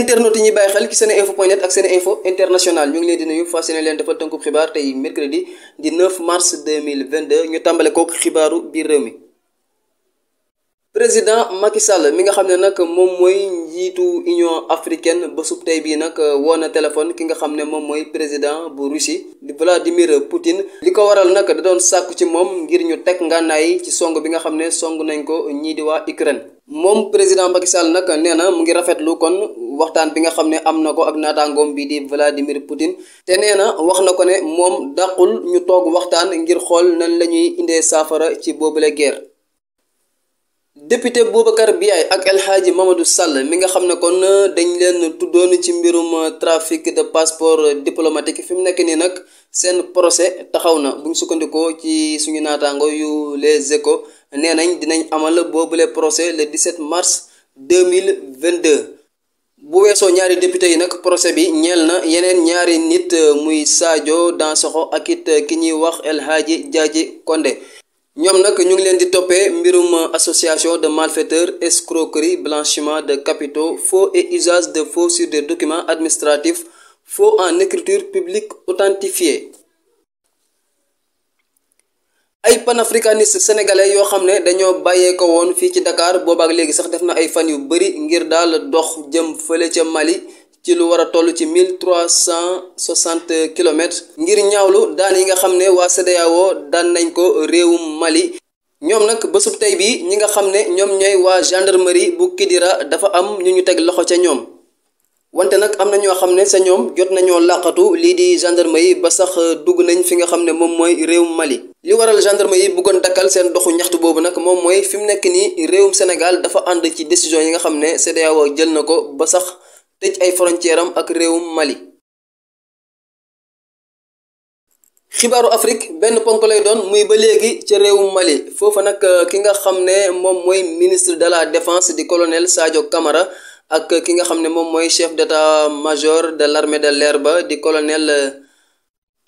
internautes yi ñuy bàyyi xel ci seen info point net ak seen info international ñu ngi leen di nuyu leen defal tënkub xibaar tey mercredi di mars ñu tàmbale kook xibaaru biir réew président Macky Sall mi nga xam ne nag moom mooy njiitu Union africaine ba sub tey bii nag euh, woo na téléphone ki nga xam ne moom mooy président bu Russie di Vladimir Poutine li ko waral nag da doon sàkku ci moom ngir ñu teg ngànnaay ci song bi nga xam ne song nañ ko ñii di waxtaan bi nga xam ne am na ko ak naataangoom bii di Vladimir Poutine te nee na wax na ko ne moom dàqul ñu toog waxtaan ngir xool nan la ñuy indee saafara ci boobule guerre. député Boubacar Biaye ak El Hadji Mamadou Sall mi nga xam ne kon dañ leen tuddoon ci mbirum trafic de passeport diplomatique fi mu nekk nii nag seen procès taxaw na bu sukkandikoo ci suñu naataango yu Les Échos nee nañ dinañ amal boobule procès le 17 mars 2022. bu weesoo ñaari député yi nag procès bi ñeel na yeneen ñaari nit euh, muy Sadio Dansokho ak it euh, ki ñuy wax El Hadji Diadji Condé ñoom nag ñu ngi leen di toppee mbirum euh, association de malfaiteurs escroquerie blanchiment de capitaux faux et usage de faux sur des document administratifs faux en écriture publique authentifiée panafricaniste sénégalais yoo xam ne dañoo bàyyee woon fii ci Dakar boobaak léegi sax def na ay fan yu bëri ngir daal dox jëm fële ca Mali ci lu war a toll ci mille trois cent kilomètres ngir ñaawlu daan yi nga xam ne waa CEDEAO daan nañ ko réewum Mali. ñoom nag bésub tey bii ñi nga xam ne ñoom ñooy waa gendarmerie bu Kidira dafa am ñu ñu teg loxo ca ñoom. wante nag am na ñoo xam ne sa ñoom jot nañoo làqatu lii di gendarmerie ba sax dugg nañ fi nga xam ne moom mooy réewum Mali. li waral gendarme yi bëggoon dakkal seen doxu ñaxtu boobu nag moom mooy fi nekk nii réewum Sénégal dafa ànd ci décision yi nga xam ne CEDEAO jël na ko ba sax tëj ay frontière am ak réewum Mali. xibaaru Afrique benn ponk lay doon muy ba léegi ca réewum Mali foofa nag euh, ki nga xam ne moom mooy ministre de la défense di colonel Sadio kamara ak ki nga xam ne moom mooy chef d'état-major de l'armée de l'air ba di colonel euh,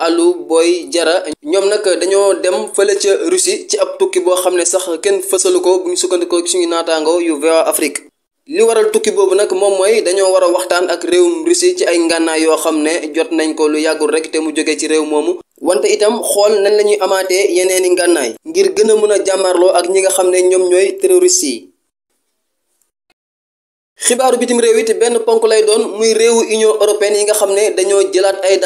Alioune booy Diarra ñoom nag dañoo dem fële ca Russie ci ab tukki boo xam ne sax kenn fësalu ko bu ñu sukkandikoo suñu naataango yu VOA Afrique li waral tukki boobu nag moom mooy dañoo war a waxtaan ak réewum Russie ci ay ngànnaay yoo xam ne jot nañ ko lu yàggul rek te mu jóge ci réew moomu wante itam xool nañ la ñuy amaatee yeneeni ngànnaay ngir gën a mën a jàmmarloo ak ñi nga xam ne ñoom ñooy terroriste yi xibaaru bitim réew it benn ponk lay doon muy réewu Union européenne yi nga xam ne dañoo jëlaat ay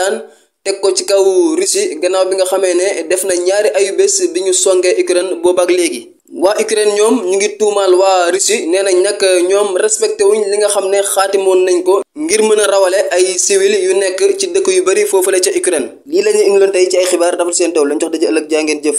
teg ko ci kaw Russie gannaaw bi nga xamee ne def na ñaari ayu bés bi ñu songee Ukraine ak léegi waa Ukraine ñoom ñu ngi tuumaal waa Russie nee nañ nag ñoom respecté wuñ li nga xam ne xaatimoon nañ ko ngir mën a rawale ay civil yu nekk ci dëkk yu bari foofu la ca Ukraine lii la ñu indiloon tey ci ay xibaar dafa seen taw lañ jox daje ëllëg jaa ngeen jëf